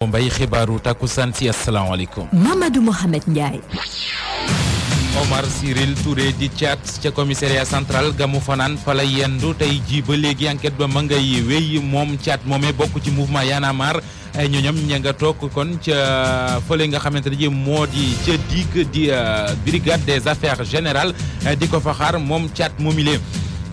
mbay xibaaru takkusaan si asalaamaaleykum. Mamadou Mohamed Ndiaye. Omar Cyril Touré di caat ca commissariat central gamu fanaan fa la yendu tey ji ba léegi enquête ba ma ngay wéy moom caat moomee bokk ci mouvement Y en ay ñoñom ña nga toog kon ca fële nga xamante ne ji moo di ca DIC di euh, brigade des affaires générales di ko fa xaar moom caat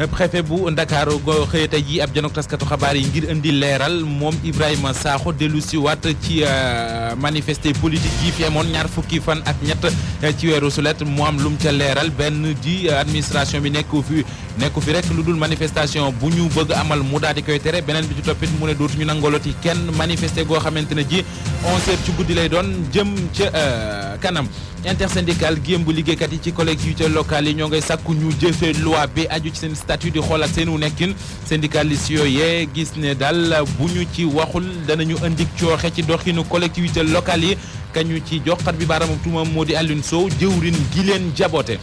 préfet bu Ndakaaru xëy tey jii ab janok taskatu xabaar yi ngir indi leeral moom Ibrahima Sakho dellu si waat ci euh, manifester politique yi fi amoon ñaar fukki fan ak ñett euh, ci weeru sulet mu am lum ca leeral benn di administration bi nekku fi nekku fi rek lu dul manifestation bu ñu bëgg amal mu daal di koy tere beneen bi ci toppit mu ne dootuñu nangoloti kenn manifester goo xamante ne ji on h ci guddi lay doon jëm ca euh, kanam. intersyndical gémb liggéeykat yi ci collègue yu yi ñoo ngay sàkku ñu jëfee loi aju ci seen statut di xoolaat seenu nekkin syndicaliste yooyee gis ne daal bu ñu ci waxul danañu indi cooxe ci doxinu collectivité locale yi kañu ci joxat bi baaraamam tuumam moo di Alioune Sow jëwrin gi leen jaboote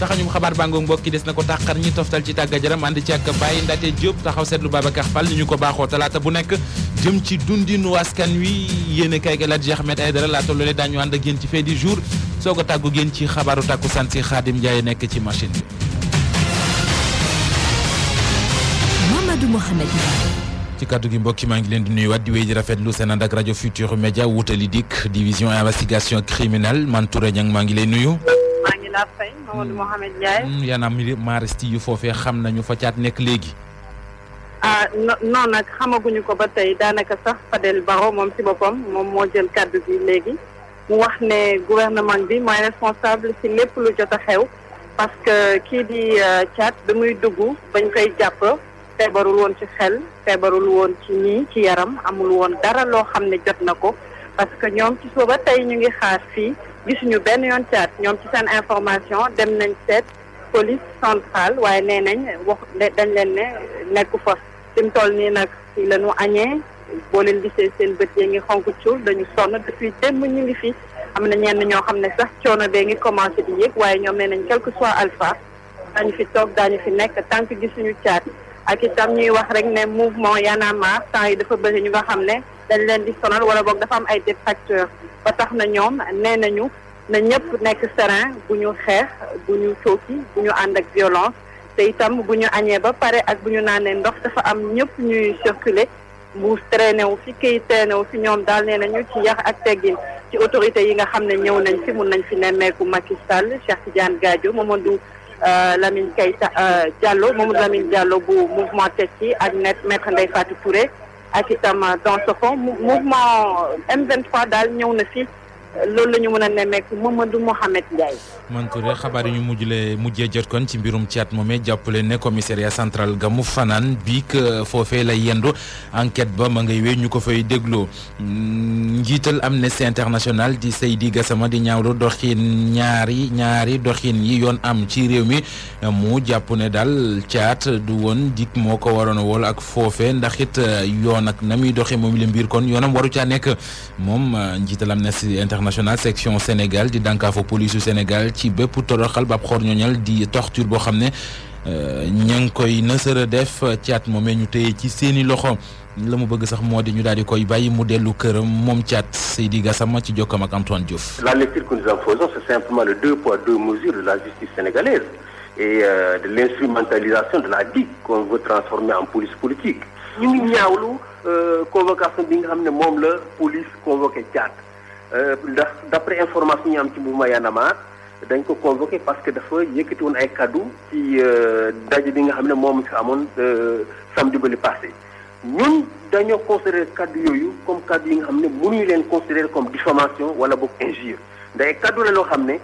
taxañum xabaar bàngoog mbokki des na ko tàqar ñi toftal ci tàggat yaram ànd ci ak Baye Ndate Diop taxaw seetlu Babacar Fall ni ñu ko baaxoo talaata bu nekk jëm ci dundinu askan wi yéen a kaay gi El Hadji Ahmed Aïdara laa tolloole daañu ànd ak yéen ci fait du jour soo ko tàggu génn ci xabaaru tàkku sant si Xaadim Ndiaye nekk ci machine Sadou Mohamed ci kàddu gi mbokk maa ngi leen di nuyuwaat di wéy di rafetlu seen ànd ak rajo Futur Media wutali dikk division investigation criminelle man Touré Niang maa ngi lay nuyu. maa ngi laa fay Mamadou Mohamed Ndiaye. Mm, yaa naa maristi yu foofee xam nañu fa caat nekk léegi. ah non nag xamaguñu ko ba tey daanaka sax Fadel Barro moom si boppam moom moo jël kàddu gi léegi mu wax ne gouvernement bi mooy responsable si lépp lu jot a xew parce que kii di euh, caat da muy feebarul woon ci xel feebarul woon ci nii ci yaram amul woon dara loo xam ne jot na ko parce que ñoom ci suba tey ñu ngi xaar fii gisuñu benn yoon caat ñoom ci seen information dem nañ seet police centrale waaye nee nañ wax dañ leen ne nekku fa fi mu toll nii nag fii la añee boo leen gisee seen bët yi ngi xonk cuur dañu sonn depuis démb ñu ngi fii am na ñenn ñoo xam ne sax coono bee ngi commencé di yëg waaye ñoom nee nañ quelque soit alpha daañu fi toog daañu fi nekk tant que gisuñu caat ak itam ñuy wax rek ne mouvement Y en temps yi dafa bëri ñu nga xam ne dañ leen di sonal wala boog dafa am ay détracteurs ba tax na ñoom nee nañu na ñëpp nekk serein bu ñu xeex bu ñu cooki bu ñu ànd ak violence te itam bu ñu añee ba pare ak bu ñu naanee ndox dafa am ñëpp ñuy circuler mu traîner wu fi kii traîner wu fi ñoom daal nee nañu ci yar ak teggin ci autorité yi nga xam ne ñëw nañ fi mun nañ fi nemmeeku Macky Sall Cheikh Tidiane Gadio Mamadou Euh, Lamine Keita euh, Diallo Mamadou Lamine Diallo bu mouvement Tekki ak maître Ndeye Fatou Touré ak itam euh, dans ce fond mouvement M23 daal ñëw na fi loolu la ñu mën a nemmeeku Mamadou Mohamed Ndiaye. Mantouré xabaar yi ñu mujjlee mujjee jot kon ci mbirum caat moomee jàppale ne commissariat central ga mu fanaan biik foofee lay yendu enquête ba ma ngay wéy ñu ko fay dégloo mm, njiital Amnesty International di Seydi Gassama di ñaawlu doxin ñaari ñaari doxin yi yoon am ci réew mi mu jàpp ne daal caat du woon dikk moo ko waroon a wol ak foofe ndax it yoon ak na muy doxee moom la mbir kon yoonam waru caa nekk moom njiital Amnesty International section Sénégal di dànkaafu Sénégal ci bépp toroxal ba ab xor ñoñal di torture boo xam ne euh, ña ngi koy nësëra def ci at moomee ñu téye ci seeni loxo la mu bëgg sax moo di ñu daal di koy bàyyi mu dellu këram moom Thiat Seydi Gassama ci jokkam ak Antoine Diouf. La lecture que nous en faisons c'est simplement le deux poids deux mesures de la justice sénégalaise et euh, de l'instrumentalisation de la DIC qu'on veut transformer en police politique. ñu ngi ñaawlu convocation bi nga xam ne moom la police convoqué Thiat euh, ndax d'après dañ ko convoqué parce que dafa yëkkati woon ay kaddu ci euh, daje bi nga xam ne moom si amoon euh, samedi ba li passé ñun dañoo considéré kaddu yooyu comme kaddu yi nga xam ne mënuñu leen considéré comme diffamation wala boog injure ndax kaddu la loo xam ne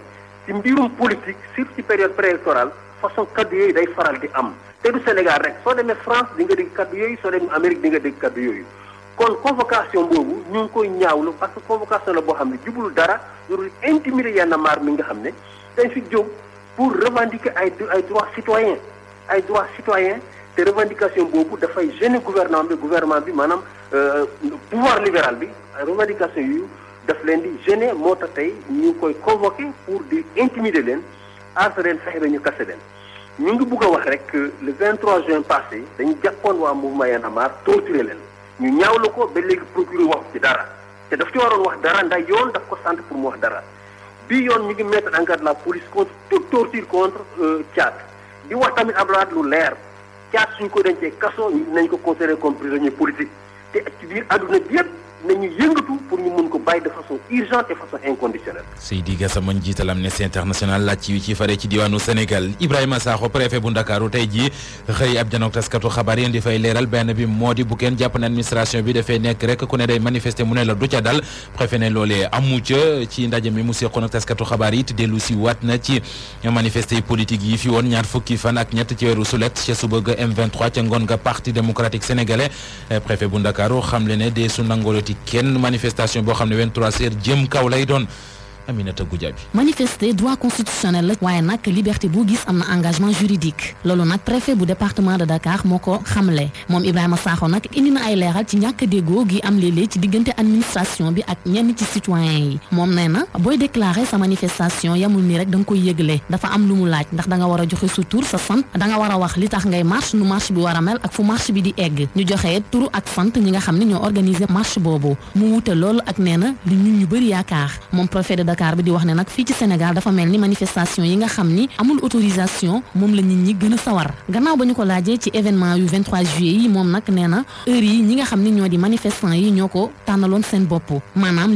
ci mbirum politique surtout ci période préélectorale façon kaddu yooyu day faral di am te du Sénégal rek soo demee France di nga dégg kaddu yooyu soo demee Amérique di nga dégg kaddu yooyu kon convocation boobu ñu ngi koy ñaawlu parce que convocation la boo xam ne jubul dara loolu intimider Y'en a marre mi nga xam ne dañ fi jóg pour revendiquer ay ay droits citoyens ay droits citoyens te revendication boobu dafay gêner gouvernement bi gouvernement bi maanaam euh, pouvoir libéral bi revendication yu daf leen di gêner moo tax tey ñu koy convoquer pour di intimider leen aar leen fexe ba ñu kase leen. ñu ngi bugg a wax rek que le 23 juin passé dañu jàppoon waa mouvement Y'en a marre torturer leen. ñu ñaawlu ko ba léegi procureur wax ci dara te daf ci waroon wax dara ndax yoon daf ko sant pour mu wax dara bii yoon ñu ngi mettre en garde la police contre toute torture contre euh, Tchad di wax tamit Abdoulaye lu leer Tchad suñ ko dencee kaso nañ ko considéré comme prisonnier politique te ci biir àdduna bi yëpp nañu yëngatu pour ñu mun ko bàyyi de façon urgente et façon inconditionnelle. Seydi Gassama njiital Amnesty International laaj ci ci fare ci diwaanu Sénégal Ibrahima Sakho préfet bu Ndakaaru tey jii xëy ab janoog taskatu xabaar yi di fay leeral benn bi moo di bu kenn jàpp ne administration bi dafay nekk rek ku ne day manifester mu ne la du ca dal préfet ne loolee amu ca ci ndaje mi mu seqoon ak xabaar yi te dellu si waat na ci manifester politique yi fi woon ñaar fukki fan ak ñett ci weeru suba ga m ngoon nga parti démocratique sénégalais eh, ci kenn manifestation boo xam ne 23h jëm kaw lay doon Aminata Goudiaby manifester droit constitutionnel la waaye nag liberté bu gis am na engagement juridique loolu nag préfet bu département de Dakar moo ko xamle moom Ibrahima Sakho nag indi na ay leeral ci ñàkk déggoo gi am léeg ci diggante administration bi ak ñenn ci citoyen yi moom nee na booy déclarer sa manifestation yamul ni rek da nga koy yëgle dafa am lu mu laaj ndax da war a joxe sa tur sa sant da war a wax li tax ngay marche nu marche bi war a mel ne ñoo organiser marche boobu mu Dakar bi di wax ne nag fii ci Sénégal dafa mel ni manifestation yi nga xam ni amul autorisation moom la nit ñi sawar gannaaw ba ñu ko laajee ci événement yu 23 juillet yi moom nag nee na heure yi ñi nga xam ni ñoo di manifestant yi ñoo ko tànnaloon seen bopp maanaam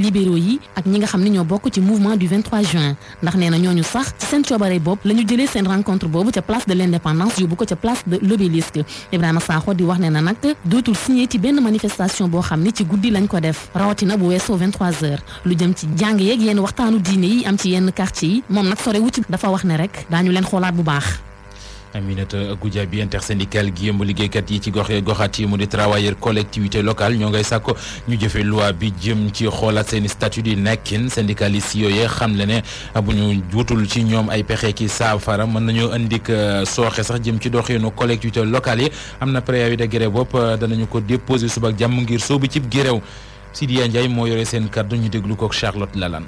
xam ni ñoo bokk ci mouvement du 23 juin ndax nee na ñooñu sax ci seen coobare bopp la ñu jëlee seen rencontre boobu ca place de l'indépendance yóbbu ko ca place de l'obélisque Ibrahima Sakho di wax ne na nag dootul signé ci benn manifestation boo xam ni ci guddi lañ ko def rawatina bu weesoo 23 lu jëm ci jàng cosaanu diine yi am ci yenn quartier moom nag sore wu dafa wax ne rek daañu leen xoolaat bu baax. Aminata Goudia bi intersyndical gi yëmb liggéeykat yi ci gox goxaat yi mu di travailleur collectivité locale ñoo ngay sàkko ñu jëfe loi bi jëm ci xoolaat seen statut di nekkin syndicaliste yooyee xam le ne bu ñu wutul ci ñoom ay pexe ki saafara mën nañoo indik euh, sooxe sax jëm ci doxinu collectivité locale yi am na préavis de grève bopp euh, danañu ko déposé suba jàmm ngir soobu cib géréw Sidiya Ndiaye moo yore seen kàddu ñu déglu kook Charlotte Lalane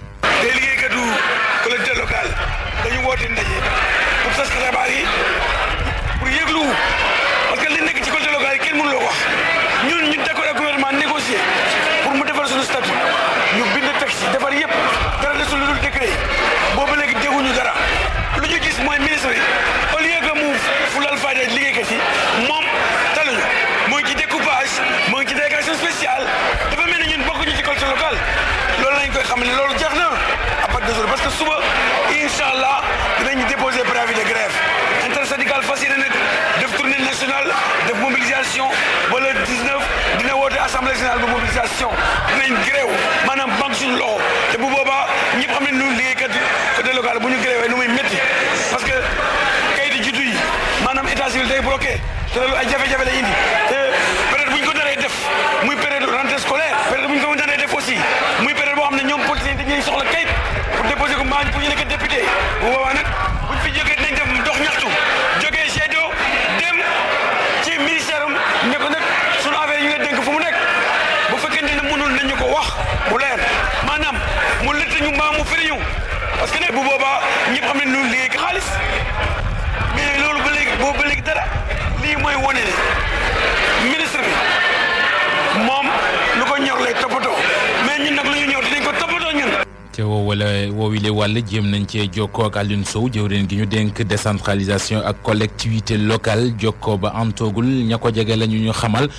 wàll jéem nañ cee jokkoo ak Alioune Sow jëwriñ gi ñu dénk décentralisation ak collectivité locale jokkoo ba antoogul ña ko jege lañu ñu xamal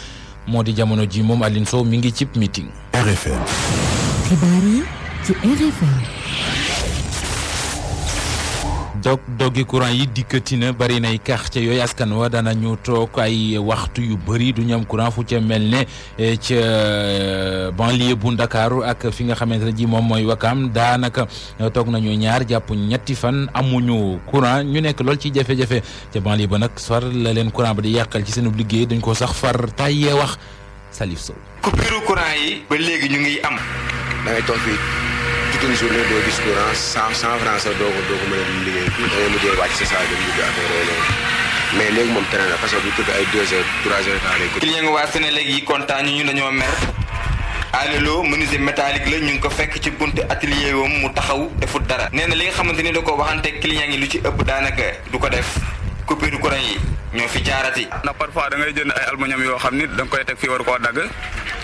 moo di jamono ji moom Alioune Sow mi ngi cib meeting. RFM. ci RFM. toog doggi courant yi dikkati na bari nay quartier yooyu askan wa danañu toog ay waxtu yu bëri du ñu am courant fu ca mel ne e, ca e, banlieue bu Ndakaaru ak fi nga xamante ne ji moom mooy Wakaam daanaka toog nañu ñaar jàpp ñetti fan amuñu courant ñu nekk lool ci jafe-jafe ca banlieue ba nag far la leen courant ba di yàqal ci seen liggéey dañ ko sax far tàyyee wax Salif Sow. coupure courant yi ba léegi ñu ngi am. da ngay toog ci cent cent franc sax doo ko doo a mais léegi moom tere na parce que tëdd ay deux heures trois heures temps lay. client nga waa Sénélec yi kontaan ñu ñu dañoo mer Alelo menuisier métallique la ñu ngi ko fekk ci bunt atelier wam mu taxaw defut dara nee na li nga xamante ni da ko waxante client yi lu ci ëpp daanaka du ko def. coupure courant yi ñoo fi jaarati. ndax parfois da ngay jënd ay aluminium yoo xam ni da koy teg fii war koo dagg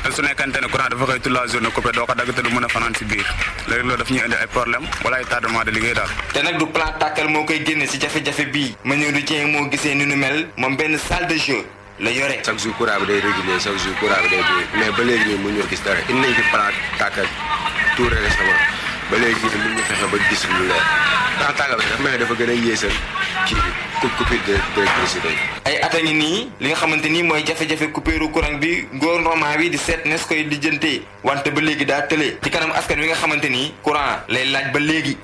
te su nekkante ne courant dafa koy toute la journée coupé doo ko dagg te du mën a fanaan si biir léegi loolu daf ñuy indi ay problème wala ay tardement de liggéey daal. te nag du plan tàkkal moo koy génne si jafe-jafe bii. ma ñëw du Dieng moo gisee ni nu mel moom benn salle de jeu. la yore chaque jour courant bi day régulier chaque ba léegi nii a yéesal coupure d'électricité ay at a ngi nii li nga xamante ni mooy jafe-jafe coupure courant bi gouvernement bi di seet nees koy lijjantee wante ba léegi daal tëlee ci kanam askan wi nga xamante ni courant lay laaj ba léegi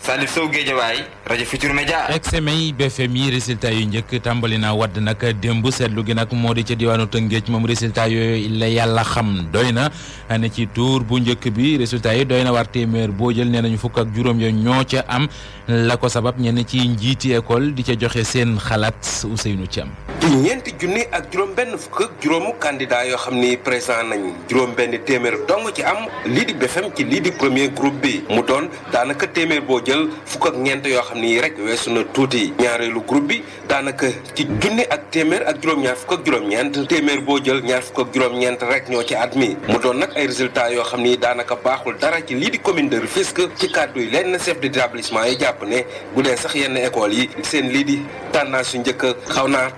Salif Sow Géejawaay rajo Futur Media. examen yi BFM yi résultat yu njëkk tàmbali naa wadd nag démb seetlu gi nag moo di ca diwaanu Tëngéej moom résultat yooyu la yàlla xam doy na ne ci tour bu njëkk bi résultat yi doy na war téeméer boo jël nee nañu fukk ak juróom ya ñoo ca am la ko sabab ñenn ci njiiti école di ca joxe seen xalaat Ousseynou Thiam. di ñeenti junni ak juróom-benn fukk juróom juróomu yoo xam ni présent nañ juróom-benn téeméer dong ci am lii di BFM ci lii di premier group bi mu doon daanaka téeméer boo jël fukk ak ñeent yoo xam ni rek weesu na tuuti ñaareelu groupe bi daanaka ci junni ak téeméer ak juróom-ñaar fukk ak juróom-ñeent téeméer boo jël ñaar fukk ak juróom-ñeent rek ñoo ci admis mu doon nag ay résultats yoo xam ni daanaka baaxul dara ci lii di commune de Rufisque ci kàddu lenn chef d'établissement yi jàpp ne bu dee sax yenn écoles yi seen lii su njëkk xaw naa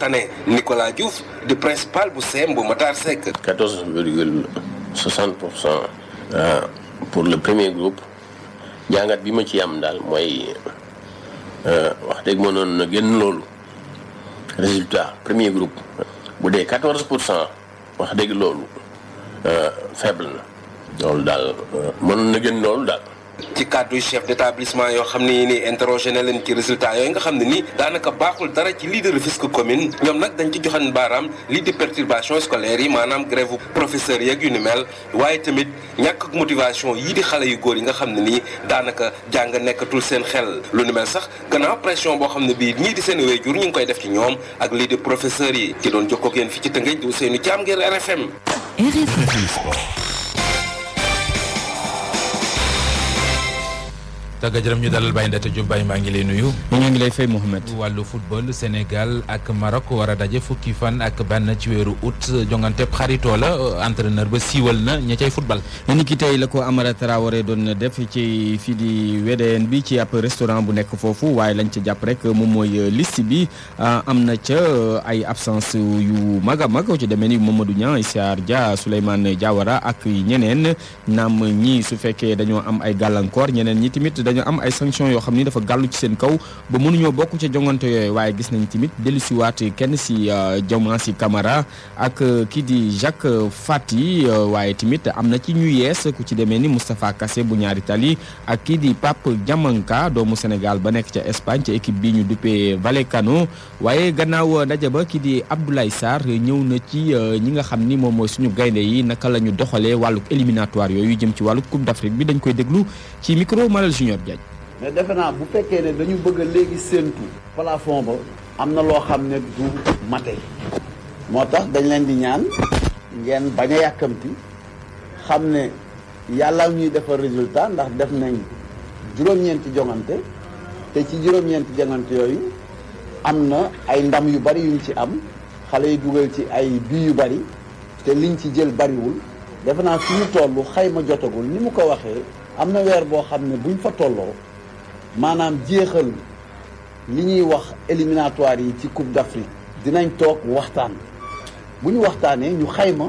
Nicolas Diouf di principal bu CEM bu Matar Seck. 14 virgule 60 pour cent euh, pour le premier groupe jàngat bi ma ci am daal mooy euh, wax dëgg mënoon na génn loolu résultat premier groupe. bu dee 14 pour cent wax dëgg loolu euh, faible na. loolu daal mënoon na génn loolu daal. ci kàddu chef d'établissement yoo xam ne nii interrogé na leen ci résultat yooyu nga xam ne nii daanaka baaxul dara ci lii de Rufisque commune ñoom nag dañ ci joxan baaraam lii perturbation scolaire yi maanaam grève professeur yeeg yu ni mel waaye tamit ñàkk motivation yii di xale yu góor yi nga xam ne nii daanaka jàng nekkatul seen xel lu ni mel sax gannaaw pression boo xam ne bii ñii di seen wéyjur ñu ngi koy def ci ñoom ak lii di yi ki doon jokkoo ak yéen fi ci Tëngéej di Ousseynou Thiam ngir RFM tàgga jërëm ñu dalal Baye Ndata Diop maa ngi lay nuyu. ñu ngi lay fay Mouhamed. wàllu football Sénégal ak Maroc war daje fukki fan ak benn ci weeru août jongante xaritoo la entraîneur ba siiwal na ña cay football. ni ki tey la ko Amara Traoré doon def ci fii di WDN bi ci ab restaurant bu nekk foofu waaye lañ ca jàpp rek moom mooy liste bi ah, am na ca ah, ay absence yu mag a mag ci demee ni Mamadou Niang Issa Dia Souleymane Diawara ak ñeneen naam ñii su fekkee dañoo am ay gàllankoor ñeneen ñi dañoo am ay sanctions yoo xam ni dafa gàllu ci seen kaw ba mënuñoo bokk ca jongante yooyu waaye gis nañ tamit waatu kenn si euh, Diomansy Camara ak euh, kii di Jacques euh, Fati waaye tamit am na ci ñu yees ku ci demee ni Moustapha kase bu ñaari tali ak kii di Pape Diamanka doomu Sénégal ba nekk ca Espagne ca équipe bi ñu duppee Vallecano waaye gannaaw ndaje ba kii di Abdoulaye Sarr ñëw na ci ñi nga xam ni moom mooy suñu gaynde yi naka la ñu doxalee wàlluk éliminatoire yooyu jëm ci wàllu Coupe d'Afrique bi dañ Pape mais defe naa bu fekkee ne dañu bëgg a léegi séentu plafond ba am na loo xam ne du mate moo tax dañ leen di ñaan ngeen bañ a yàkkamti xam ne yàlla ñuy defar résultat ndax def nañ juróom-ñeenti jongante te ci juróom-ñeenti jongante yooyu am na ay ndam yu bari yuñ ci am xale yi dugal ci ay bi yu bari te liñ ci jël bariwul defe naa suñu tollu xayma jotagul ni mu ko waxee am na weer boo xam ne buñ fa tolloo maanaam jeexal li ñuy wax éliminatoire yi ci Coupe d'Afrique dinañ toog waxtaan bu ñu waxtaanee ñu xayma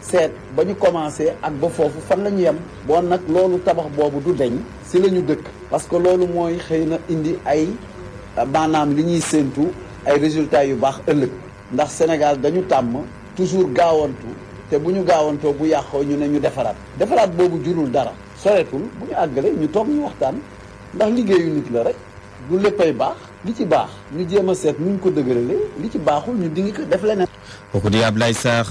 seet ba ñu commencé ak ba foofu fan la ñu yem bon nag loolu tabax boobu du deñ si la ñu dëkk parce que loolu mooy xëy na indi ay maanaam li ñuy séentu ay résultats yu baax ëllëg ndax Sénégal dañu tàmm toujours gaawantu te bu ñu gaawantoo bu yàqoo ñu ne ñu defaraat defaraat boobu jurul dara soreetul bu ñu àggalee ñu toog ñu waxtaan ndax liggéeyu nit la rek du léppay baax li ci baax ñu jéem a seet nuñ ko dëgërale li ci baaxul ñu dingi ko def leneen. ko di Ablaye Sarr.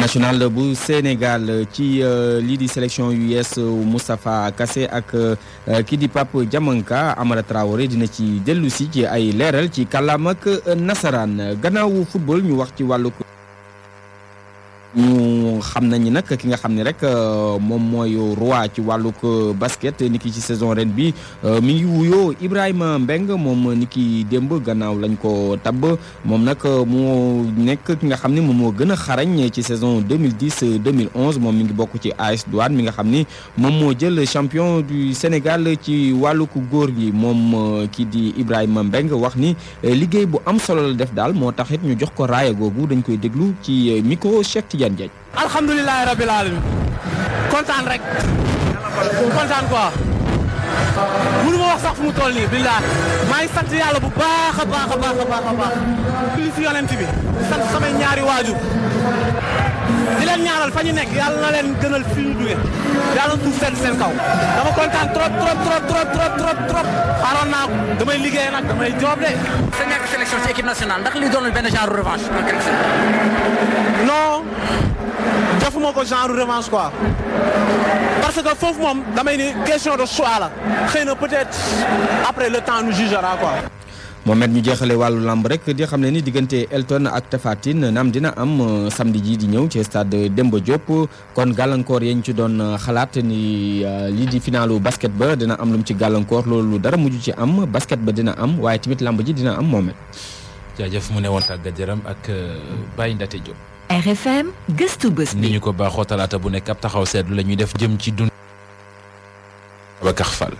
national bu Sénégal ci euh, lii di sélection US euh, Moustapha kase ak euh, kii di Pape jamonka Amara Traoré dina ci dellu si ci ay leeral ci kàllaam nasaraan gannaawu football ñu wax ci wàllu. xam nañu nag ki nga xam ne rek euh, moom mooy roi ci wàllug euh, basket ni ki ci saison ren bi euh, mi ngi wuyoo Ibrahima Mbeng moom ni ki démb gannaaw lañ ko tabb moom nag moo nekk ki nga xam ni moom moo gën a xarañ ci saison 2010 2011 moom mi ngi bokk ci AS Douane mi nga xam ni moom moo jël champion du Sénégal ci wàllug góor gi moom kii di Ibrahima Mbeng wax ni liggéey bu am solo la def daal moo taxit ñu jox ko raaya googu dañ koy déglu ci micro Cheikh Tidiane Diagne alhamdulilah rabil alamin kontaan rek kontaan quoi mënu ma wax sax fu mu toll nii billaah maa ngi sant yàlla bu baax a baax a baax a baax a baax li si yonent bi sant samay ñaari waajur di leen ñaanal fa ñu nekk yàlla na leen gënal fi ñu jóge yàlla na suuf seen seen naa ko damay liggéey nag damay ndax li doonul benn genre revanche non defuma ko genre revanche quoi parce que foofu moom damay ni question de choix la xëy na peut-être après le temps nous jugera quoi. Mohamed ñu jeexale wàllu làmb rek di xam ne ni diggante Elton ak Tafatine naam dina am euh, samedi ji di ñëw ci stade Demba Diop kon gàllankoor yañ ci doon euh, xalaat ni euh, lii di finaalu basket ba dina am lum ci gàllankoor loolu dara mujj ci am basket ba dina am waaye tamit lamb ji dina am Mohamed. jaajëf mu ne woon tàggat yaram ak Baye RFM gëstu bés bi. ko baaxoo talaata bu nekk ab taxaw seetlu la ñuy def jëm ci dund. Babacar Fall.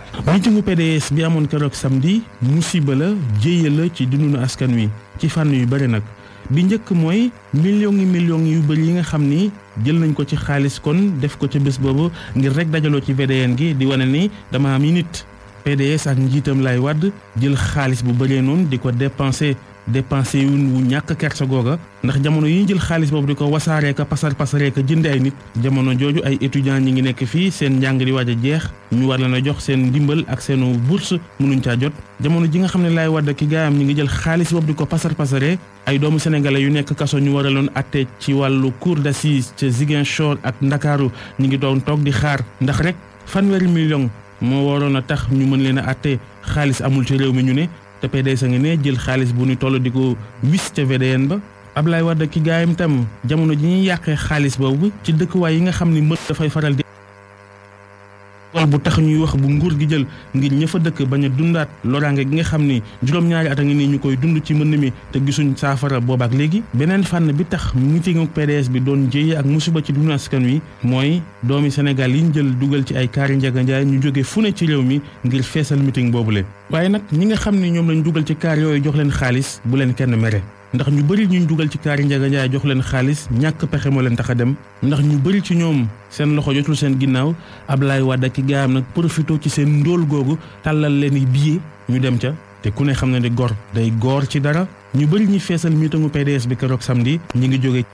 PDS bi amoon keroog samedi musiba la jéeya la ci dundunu askan wi ci fànn yu bëri nag bi njëkk mooy millions million millions yu bëri yi nga xam ni jël nañ ko ci xaalis kon def ko ci bés boobu ngir rek dajaloo ci VDN gi di wane ni dama am yi nit PDS ak njiitam lay wadd jël xaalis bu bëree noonu di ko dépensé. dépensé yu wu ñàkk kersa googa ndax jamono yi ñu jël xaalis boobu di ko wasaaree ka pasar pasaree ka jënd ay nit jamono jooju ay étudiants ñi ngi nekk fii seen njàng di waaj a jeex ñu war leen a jox seen ndimbal ak seenu bourse mënuñ caa jot jamono ji nga xam ne laay wadd ki gaayam ñi ngi jël xaalis boobu di ko pasar pasaree ay doomu sénégalais yu nekk kaso ñu waraloon atte ci wàllu cour d'assises ca Ziguinchor ak Ndakaaru ñi ngi doon toog di xaar ndax rek fanweeri million moo waroon a tax ñu mën leen a atte xaalis amul ci réew mi ñu ne te PDS a ngi ne jël xaalis bu nu toll di ko wis ca VDN ba Ablaye Wade ki gaayam tam jamono ji ñuy yàqee xaalis boobu ci dëkk dëkkuwaay yi nga xam ni mbër dafay faral di lool bu tax ñuy wax bu nguur gi jël ngir ñëf a dëkk bañ a dundaat loraange gi nga xam ni juróom-ñaari at a ngi nii ñu koy dund ci mën mi te gisuñ saafara boobaak léegi beneen fànn bi tax meetingu PDS bi doon jéye ak musiba ci dund askan wi mooy doomi Sénégal yi ñu jël dugal ci ay kaari Njaga Njaay ñu jóge fu ne ci réew mi ngir feesal meeting boobule waaye nag ñi nga xam ne ñoom lañ dugal ci kaar yooyu jox leen xaalis bu leen kenn mere ndax ñu bëri ñuñ dugal ci kaari Njaga Njaay jox leen xaalis ñàkk pexe moo leen tax dem ndax ñu bëri ci ñoom seen loxo jotul seen ginnaaw ab Ablaye Wade ak gaayam nag profité ci seen ndóol googu tàllal leen i billet ñu dem ca te ku ne xam na ne gor day goor ci dara ñu bëri ñi feesal miitingu PDS bi keroog samedi ñi ngi jóge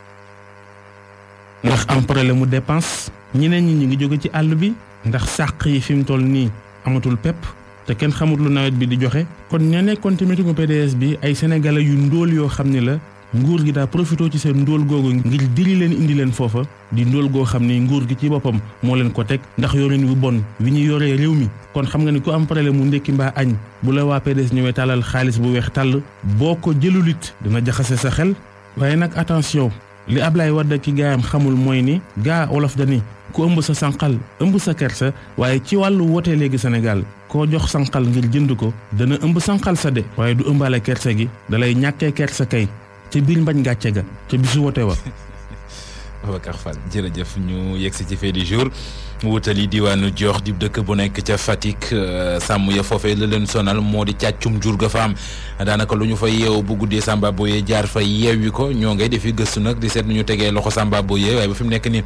ndax am problème mu dépense ñeneen ñi ñu ngi jóge ci àll bi ndax sàq yi fi mu toll nii amatul pépp te kenn xamut lu nawet bi di joxe kon ña nekkoon ci meetingu bi ay sénégalais yu ndóol yoo xam ne la nguur gi daal profité ci seen ndóol googu ngir diri leen indi leen foofa di ndóol goo xam ni nguur gi ci boppam moo leen ko teg ndax yorin wu bon wi ñu yoree réew mi kon xam nga ni ku am problème mu ndékki mbaa añ bu la waa PDS ñëwee tàllal xaalis bu weex tàll boo ko jëlulit dina jaxase sa xel waaye nag attention li Ablaye Wade ki gaayam xamul mooy ni gaa wolof dani ku ëmb sa sànqal ëmb sa kersa waaye ci wàllu woote léegi senegal koo jox sànqal ngir jënd ko dana ëmb sànqal sa de waaye du ëmbaale kersa gi dalay ñàkkee kersa kay ca biir mbañ gàcce ga ca bisu woote wa Babacar Fall jërëjëf ñu yegsi ci fait du jour wutali diwaanu Jox di dëkk bu nekk ca Fatick euh, sàmm ya foofee la leen sonal moo di càccum jur ga fa am daanaka lu ñu fa yeew bu guddee Samba Boye jaar fa yeew yeewi ko ñoo ngay defi gëstu nag di seet nu ñu tegee loxo Samba Boye waaye ba fi mu nekk nii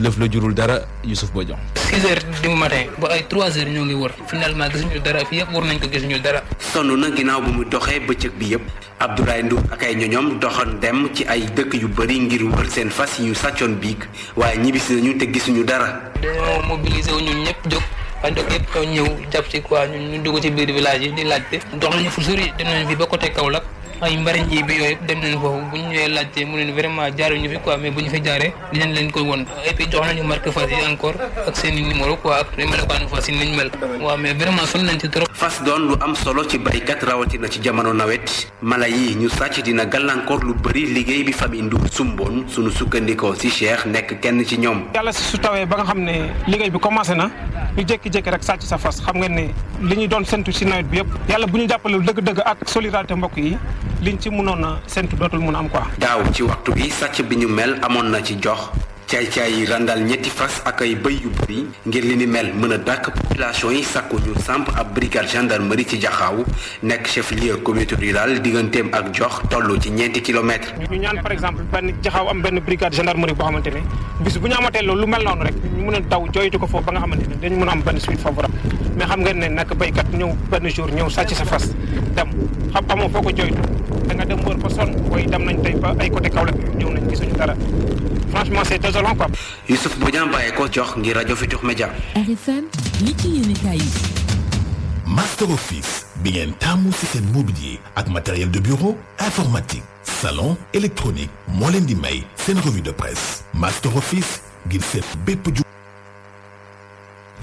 lëf la jurul dara Youssouf Bodian. 6 heures du matin ba ay 3 heures ñoo ngi wër finalement gisuñu dara fii yëpp wër nañ ko gisuñu dara. sonn na ginnaaw bu mu doxee bëccëg bi yëpp Abdoulaye Ndour ak ay ñoñoom doxoon dem ci ay dëkk yu bëri ngir seen fas yu sàccoon biig waaye ñibbisi te gisuñu dara. dañoo mobiliser wu ñun ñëpp jóg waa jóg yëpp ñëw jàpp ci quoi ñun ñu dugg ci biir village yi di laajte ndox nañu fu sori dem nañu fi ba côté Kaolack ay mbari ji bi yooyu dem nañu foofu bu ñu ñëwee laajte mu neen vraiment jaaree ñu fi quoi mais bu ñu fi jaaree dinañ leen ko won et puis jox nañu marque fas yi encore ak seen i numéro quoi ak melokaanu fas yi nañ mel waaw vraiment sonn nañ ci trop. fas doon lu am solo ci baykat rawatina ci jamono nawet mala yi ñu sàcc dina gàllankoor lu bëri liggéey bi famille Ndour sumboon suñu sukkandikoo si Cheikh nekk kenn ci ñoom. yàlla su tawee ba nga xam ne liggéey bi commencé na ñu jékki-jékki rek sàcc sa fas xam nga ni li ñu doon sentu si nawet bi yëpp yàlla bu ñu jàppale dëgg-dëgg ak solidarité mbokk yi liñ ci mënoon sent séntu dootul mun a am quoi. daaw ci waxtu bi sàcc bi ñu mel amoon na ci jox. caay-caay yi randal ñetti fas ak ay bëy yu bëri ngir li ni mel mën a dàkk population yi sàkku ñu samp ab brigade gendarmerie ci jaxaaw nekk chef lieu communauté rural digganteem ak jox toll ci ñeenti kilomètres. ñu ñaan par exemple benn jaxaaw am benn brigade gendarmerie boo xamante ne bis bu ñu amatee loolu lu mel noonu rek ñu mën a daw jooytu ko foofu ba nga xamante ne dañu mën a am benn suite favorable nag béykat ñëw benn jour ñëw sàcc sa fas dem xam xamoo foo ko jooytu. da nga dem wër ko sonn booy dem nañ tey ba ay côté Kaolack ñëw nañ gisuñu dara franchement c'est désolant quoi. Youssouf Bodian bàyyee ko jox ngir rajo Futurs Médias. RFM li ci yéene kaay Master Office bi ngeen taamu système mobilier ak matériel de bureau informatique salon électronique moo leen di may seen revue de presse Master Office ngir seet bépp ju.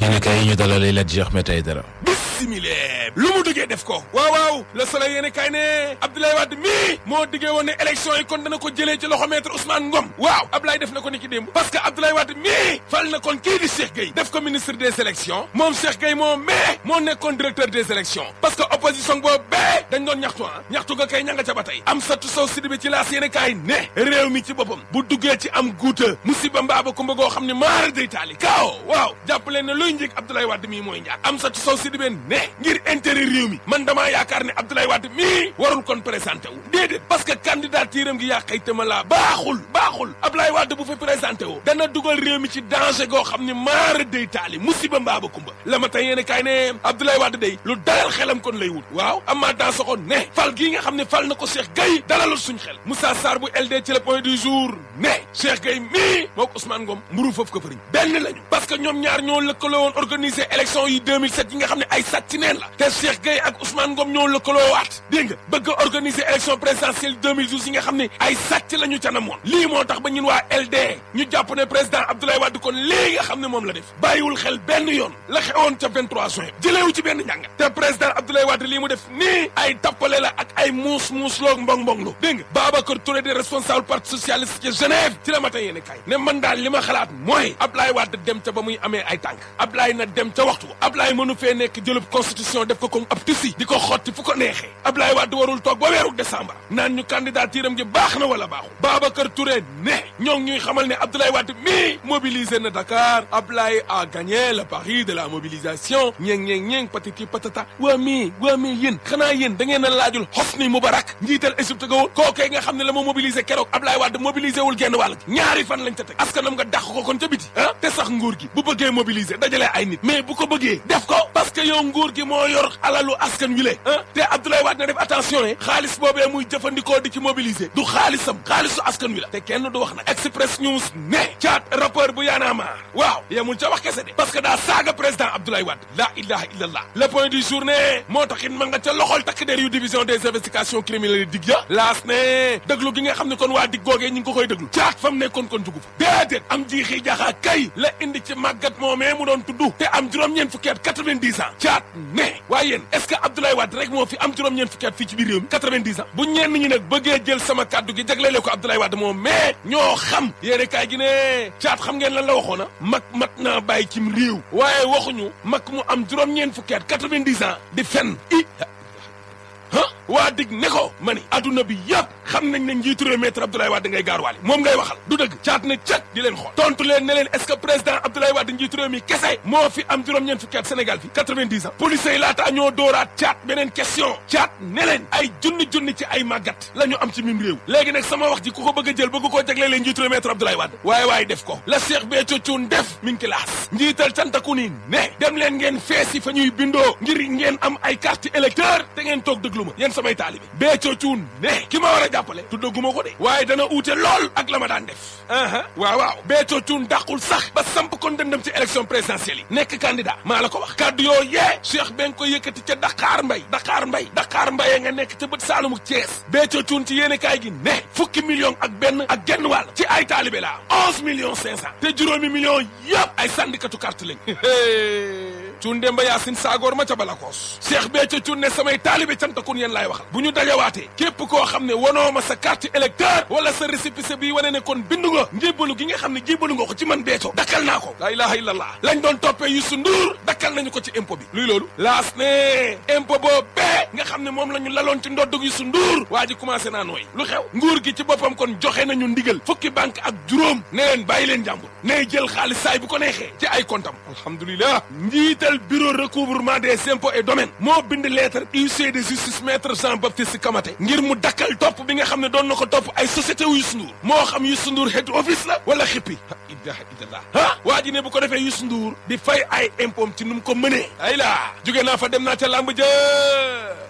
yéen kay ñu dalalee la jeex ma tey dara. bisimilah lu mu duggee def ko waaw waaw le soleil yéen kay ne Abdoulaye Wade mii moo diggee woon ne élection yi kon dana ko jëlee ci loxo maître Ousmane Ngom waaw Abdoulaye def na ko ni démb parce que Abdoulaye Wade mii fal na kon kii di Cheikh Gueye def ko ministre des élections moom Cheikh Gueye moom mais moo nekkoon directeur des élections parce que opposition boobu dañ doon ñaxtu ah ñaxtu nga kay ña ba tey am satu sow njëg Abdoulaye Wade mii mooy njaag am sa ci sow si di been ne ngir intérêt réew mi man damaa yaakaar ne Abdoulaye Wade mii warul kon présenté wu déedéet parce que candidature am gi yàqaytama laa baaxul baaxul Abdoulaye Wade bu fi présenté wu dana dugal réew mi ci danger goo xam ne maara day taali musiba mbaaba kumba la ma tey yéen kaay ne Abdoulaye lu dalal xelam kon lay wut waaw amaa dans soxoon ne fal gii nga xam ne fal na ko Cheikh Gaye dalalul suñ xel Moussa Sarr bu LD ci le point du jour ne Cheikh Gueye mii moo ko Ousmane Ngom mburu foofu ko benn lañu parce que ñoom ñaar ñoo lëkkaloo woon organiser élection yi 2007 yi nga xam ne ay sàcc neen la te Cheikh Gueye ak Ousmane Ngom ñoo lëkkaloo waat dégg bëgg a élection présidentielle 2012 yi nga xam ne ay sàcc la ñu ca namoon lii moo tax ba ñun waa LD ñu jàpp ne président Abdoulaye Wade kon lii nga xam ne moom la def bàyyiwul xel benn yoon la xewoon ca 23 juin jëleewu ci benn njàngat te président Abdoulaye Wade lii mu def nii ay nga Babacar Touré Genève ci la ma tey yéen kay ne man ma xalaat mooy Ablaye Wade dem ca ba muy na dem ca waxtu Ablaye mënu fee nekk jëlub constitution def ko comme ko xotti fu ko neexee Ablaye Wade warul toog ba weeru décembre naan ñu candidature am gi baax na wala baaxul Babacar Touré ne ñoo ñuy xamal ne Abdoulaye Wade mii mobilisé na Dakar Ablaye a gagné le pari de la mobilisation ñeeng ñeeng ñeeng patati patata waa mii waa mii yéen xanaa yéen da ngeen a laajul Hosni Moubarak njiital Égypte ga woon kookee nga xam ne la ma mobilisé keroog Ablaye Wade mobilisé wul genn wàll gi ñaari fan lañ ca teg askanam nga dàq ko kon ca biti ah te sax nguur gi bu bëggee mobiliser dajale ay nit mais bu ko bëggee def ko parce que yow nguur gi moo yor alalu askan wi le ah te Abdoulaye Wade na def attention ne xaalis boobee muy jëfandikoo di ci mobiliser du xaalisam xaalisu askan wi la te kenn du wax nag Express News ne caat rapport bu yaanaamaar waaw yemul ca wax kese de parce que daa saaga président Abdoulaye Wade la ilaha illallah dem jaak fam nekkoon kon jugu fa déedéet am jiixi jaxaa kay la indi ci màggat moomee mu doon tudd te am juróom-ñeen fukki at 90 ans caat ne waaye yéen est-ce que Abdoulaye rek moo fi am juróom-ñeen fukki at fii ci biir réew mi 90 ans bu ñenn ñi nag bëggee jël sama kàddu gi jagleele ko Abdoulaye Wade moom mais ñoo xam yéene kaay gi ne caat xam ngeen lan la waxoon na ah? mag mat naa bàyyi cim réew waaye waxuñu mag mu am juróom-ñeen fukki at 90 di fen i waa dig ne ko ma adduna bi yëpp xam na ne njiitu réew maître Abdoulaye Wade ngay moom ngay waxal du dëgg caat na cat di leen xool tontu leen ne leen est-ce que président Abdoulaye Wade njiitu réew mi kese moo fi am juróom-ñeent fukki at Sénégal fi 90 ans policiers yi laata ñoo dooraat caat beneen question caat ne ay junni junni ci ay màggat la ñu am ci mim réew léegi nag sama wax ji ku ko bëgg a jël bëgg koo ko la Cheikh Béthio Thioune def mi ngi ki laas njiital leen ngeen fees yi fa ñuy bindoo ngir ngeen am ay carte électeur te ngeen toog dëgg déglu ma yéen samay taalibe Béthio Thioune ne ki ma war a jàppale tuddaguma ko de waaye dana uute lool ak la ma daan def aha uh-huh. waaw waaw Béthio Thioune dàqul sax ba samp kon dem dem ci élection présidentielle yi nekk candidat maa la ko wax kaddu yoo yee Cheikh ben ko yëkkati ca Dakar Mbay Dakar Mbay Dakar Mbaye nga nekk ca bët Saalum ak Thiès Béthio Thioune ci yéene kaay gi ne fukki million ak benn ak genn wàll ci ay taalibe la am onze millions cinq cent te juróomi cunde mba yaasin saagoor ma ca balakoos cheikh bécco cunne samay taalibe cantakun yéen laay waxal bu ñu dajawaatee képp koo xam ne wanoo ma sa carte électeur wala sa récépissé bi wane ne kon bindu nga gi nga xam ne jébbalu nga ko ci man bécco dakkal naa ko laa ilaha illallah lañ doon toppee Youssou Ndour dakkal nañu ko ci impo bi luy loolu laas ne impôt boobee nga xam ne moom la ñu laloon ci ndoddug Youssou Ndour waa ji commencé naa nooy lu xew nguur gi ci boppam kon joxe nañu ndigal fukki banque ak juróom ne leen bàyyi leen jàmbur ne jël xaalis saay bu ko neexee ci ay kontam alhamdulilah njiite tutelle bureau recouvrement de impôts et domaines moo bind lettre huissier de justice maître Jean Baptiste Kamaté ngir mu dakkal topp bi nga xam ne doon na ko topp ay société wu Youssou Ndour moo xam Youssou Ndour head office la wala xippi ilaha illallah ah waa ji ne bu ko defee Youssou Ndour di fay ay impôts ci nu ko mënee ay laa jóge fa dem naa ca làmb jë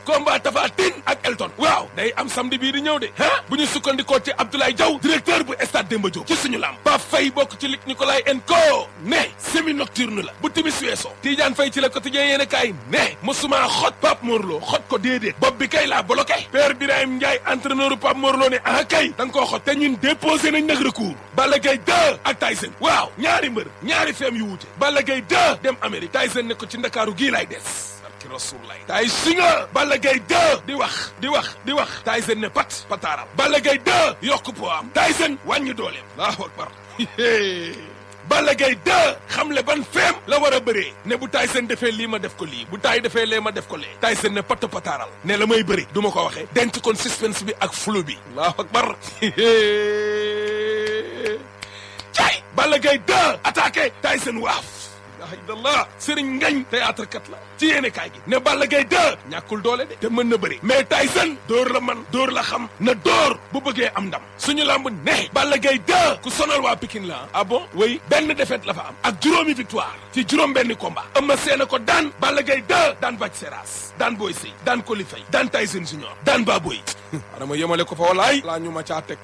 combat Tapha Tine ak Elton waaw day am samedi bii di ñëw de ah bu ñu sukkandikoo ci Abdoulaye Diaw directeur bu stade Demba ci suñu lamb ba fay bokk ci Luc en co ne semi la bu timis weesoo Tidiane Faye ci la quotidien yéen a kaay ne mosuma xot Pape Morlo xot ko déedéet bopp bi kay laa bloqué père Birahim Ndiaye entraîneur Pape Morlo ne ah kay da nga koo xot te ñun déposé nañ nag recours Balla Gaye 2 ak Tyson waaw ñaari mbër ñaari feem yu wuute Balla Gaye 2 dem Amérique Tyson ko ci Ndakaaru gii lay des barki rasulullah taay si nga Balla gay 2 di wax di wax di wax taay seen ne pat pataaram Balla Gaye 2 yokk po am taay seen wàññi dooleem allahu akbar Balla Gaye 2 xam le ban feem la war a bëree ne bu taay seen defee lii ma def ko lii bu taay defee lee ma def ko lee taay seen ne patt pataaral ne la may bëri duma ko waxee denc kon suspense bi ak flou bi allahu akbar cay Balla Gaye 2 attaqué taay seen waaf ilaha illallah Serigne Ngagne théâtre kat la ci yéene kaay gi ne Balla gay 2 ñàkkul doole de te mën na bëri mais Tyson dóor la man dóor la xam na dóor bu bëggee am ndam suñu lamb ne Balla gay 2 ku sonal waa Pikine la ah bon benn défaite la fa am ak juróomi victoire ci juróom benn combat Eumeu Sène ko daan Balla Gaye 2 daan Bac Seras daan Boy Sey daan Coly Faye daan Tyson Junior daan Baboy dama yemale ko fa walaay laa ñu ma caa teg